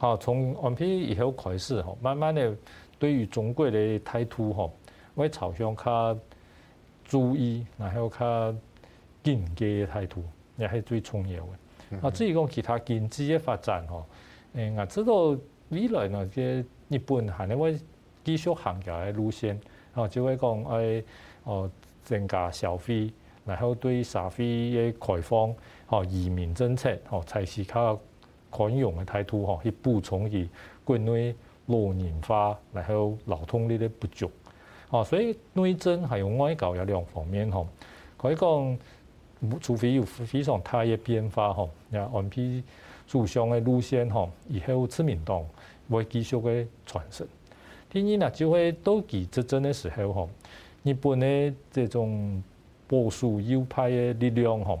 好，從安倍以後開始，吼，慢慢的，對於中國的態度，吼，我的朝向較注意，然後較積極的態度，也係最重要嘅。啊，至於講其他經濟的發展，吼，嗯，啊，知道未來喏，即日本行咧，我繼續行業嘅路線，啊，只會講誒，哦，增加消費，然後對社會嘅開放，哦，移民政策，哦，才是較。寬容的態度嚇去補充佢國內老年化，然後勞動力的不足，嚇所以內政還有外交嘅兩方面吼，可以講，除非有非常大的變化嚇，又安倍互相嘅路線吼，以後自民黨會繼續嘅傳承。當然啦，就喺獨治執政嘅時候吼，日本的這種保守右派的力量吼。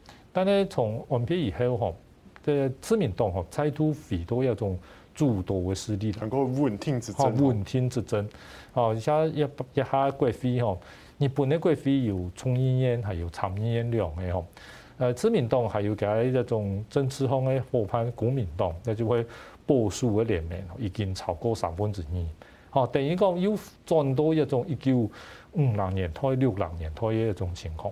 但係從安倍以後吼，誒自民黨吼，財富非常多一種諸多嘅勢力啦，能夠穩定之爭，哦，而且一一下國會吼，日本嘅國會有眾議院，仲有參議院兩個吼，誒，自民黨還有搞啲一種政治方嘅夥伴，公明黨，你就會、是、波數嘅年連，已經超過三分之二，哦，等於講要轉到一種一九五六年拖六六年拖嘅一種情況。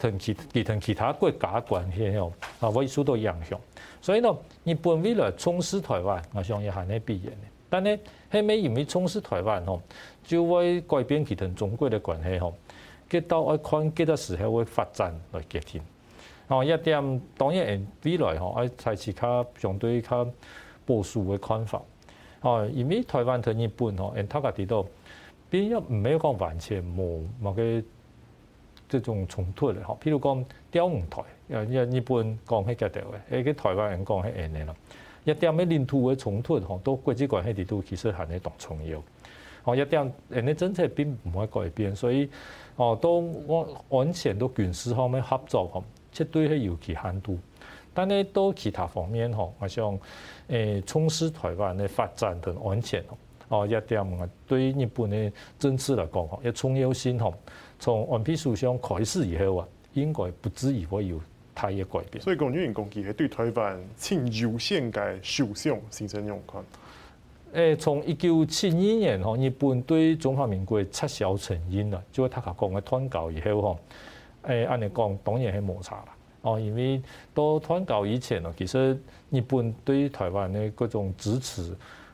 同其其同其他國家關係都一樣，啊會所以呢，日本未來衝擊台灣，我想係係能必然嘅。但係喺尾，因為衝擊台灣吼就會改變其他中國的關係吼。佢到我看，幾多時候會發展來決定哦，當然未來吼，我睇其他相對較保守的看法。因為台灣同日本，吼，因大家提到唔係講完全冇某即種重疊的，吼，譬如講釣魚台，日日本講喺架台位，誒，台灣人講喺誒呢度。一啲咁嘅領土嘅重疊，吼，都國際關係度其實係相當重要。哦，一啲人哋政策並唔會改變，所以，哦，都往安全都軍事方面合作，吼，絕對係有其限度。但係都其他方面，吼，我想誒重視台灣嘅發展同安全。哦，一點啊，對日本的政策來講哦，要從有線號，從安倍首相開始以後啊，應該不至於會有太嘅改變。所以講，有人講具係對台灣遷就性的首相，先生用看。誒，從一九七二年哦，日本對中華民國撤銷承認啊，即係塔克講的斷交以後哦，誒，按你講當然係摩擦啦。哦，因為到斷交以前咯，其實日本對於台灣嘅各種支持。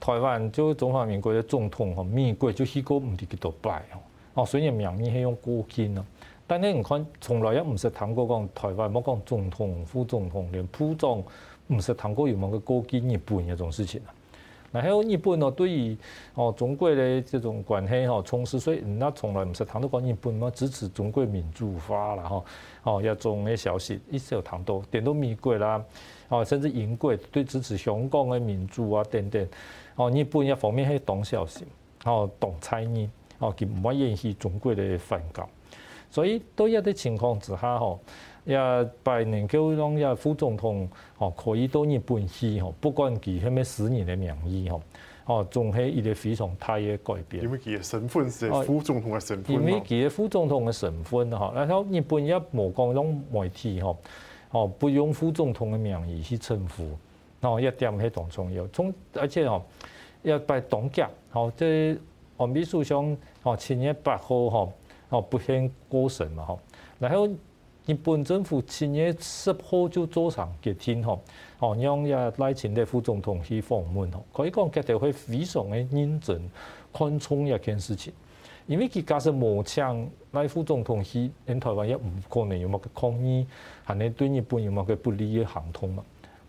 台灣做中華民國的總統嗬，美國就去過唔知幾多敗哦。哦，雖然名義係用過境咯，但你唔看從來也唔是談過講台灣，冇講總統副總統，連副總唔係談過有冇個過境日本呢種事情啦。嗱喺日本咯，對於哦中國的這種關係哦，從始所以唔拉從來唔識談到講日本，支持中國民主化啦，哈，哦呢種的消息，一直談到點到美國啦，哦甚至英國對支持香港的民主啊，等等。哦，日本一方面去講小心，哦講猜疑，哦佢唔會引起中國嘅反感，所以多一啲情況之下，哦，也拜登嗰種也副總統，哦可以到日本去，哦不管佢咩私人嘅名義，哦哦仲係一啲非常大嘅改變。因為佢嘅身份是副總統嘅身份。因為佢嘅副總統嘅身份，哈，然後日本也無講種媒體，哈，哦不用副總統嘅名義去稱呼。哦，一點係當重要，從而且哦、喔，要拜黨結，哦、喔，即、就、哦、是喔，秘書祥哦，七月八號哦，哦，不幸過身嘛，吼。然後日本政府七月十號就做上決定、喔，吼、嗯，哦，讓一內前的副總統去訪問吼、喔，可以講，佢哋會非常嘅認真看重一件事情，因為佢假設無請內副總統去，因台灣也唔可能有乜嘅抗議係你對日本有乜嘅不利的行動嘛。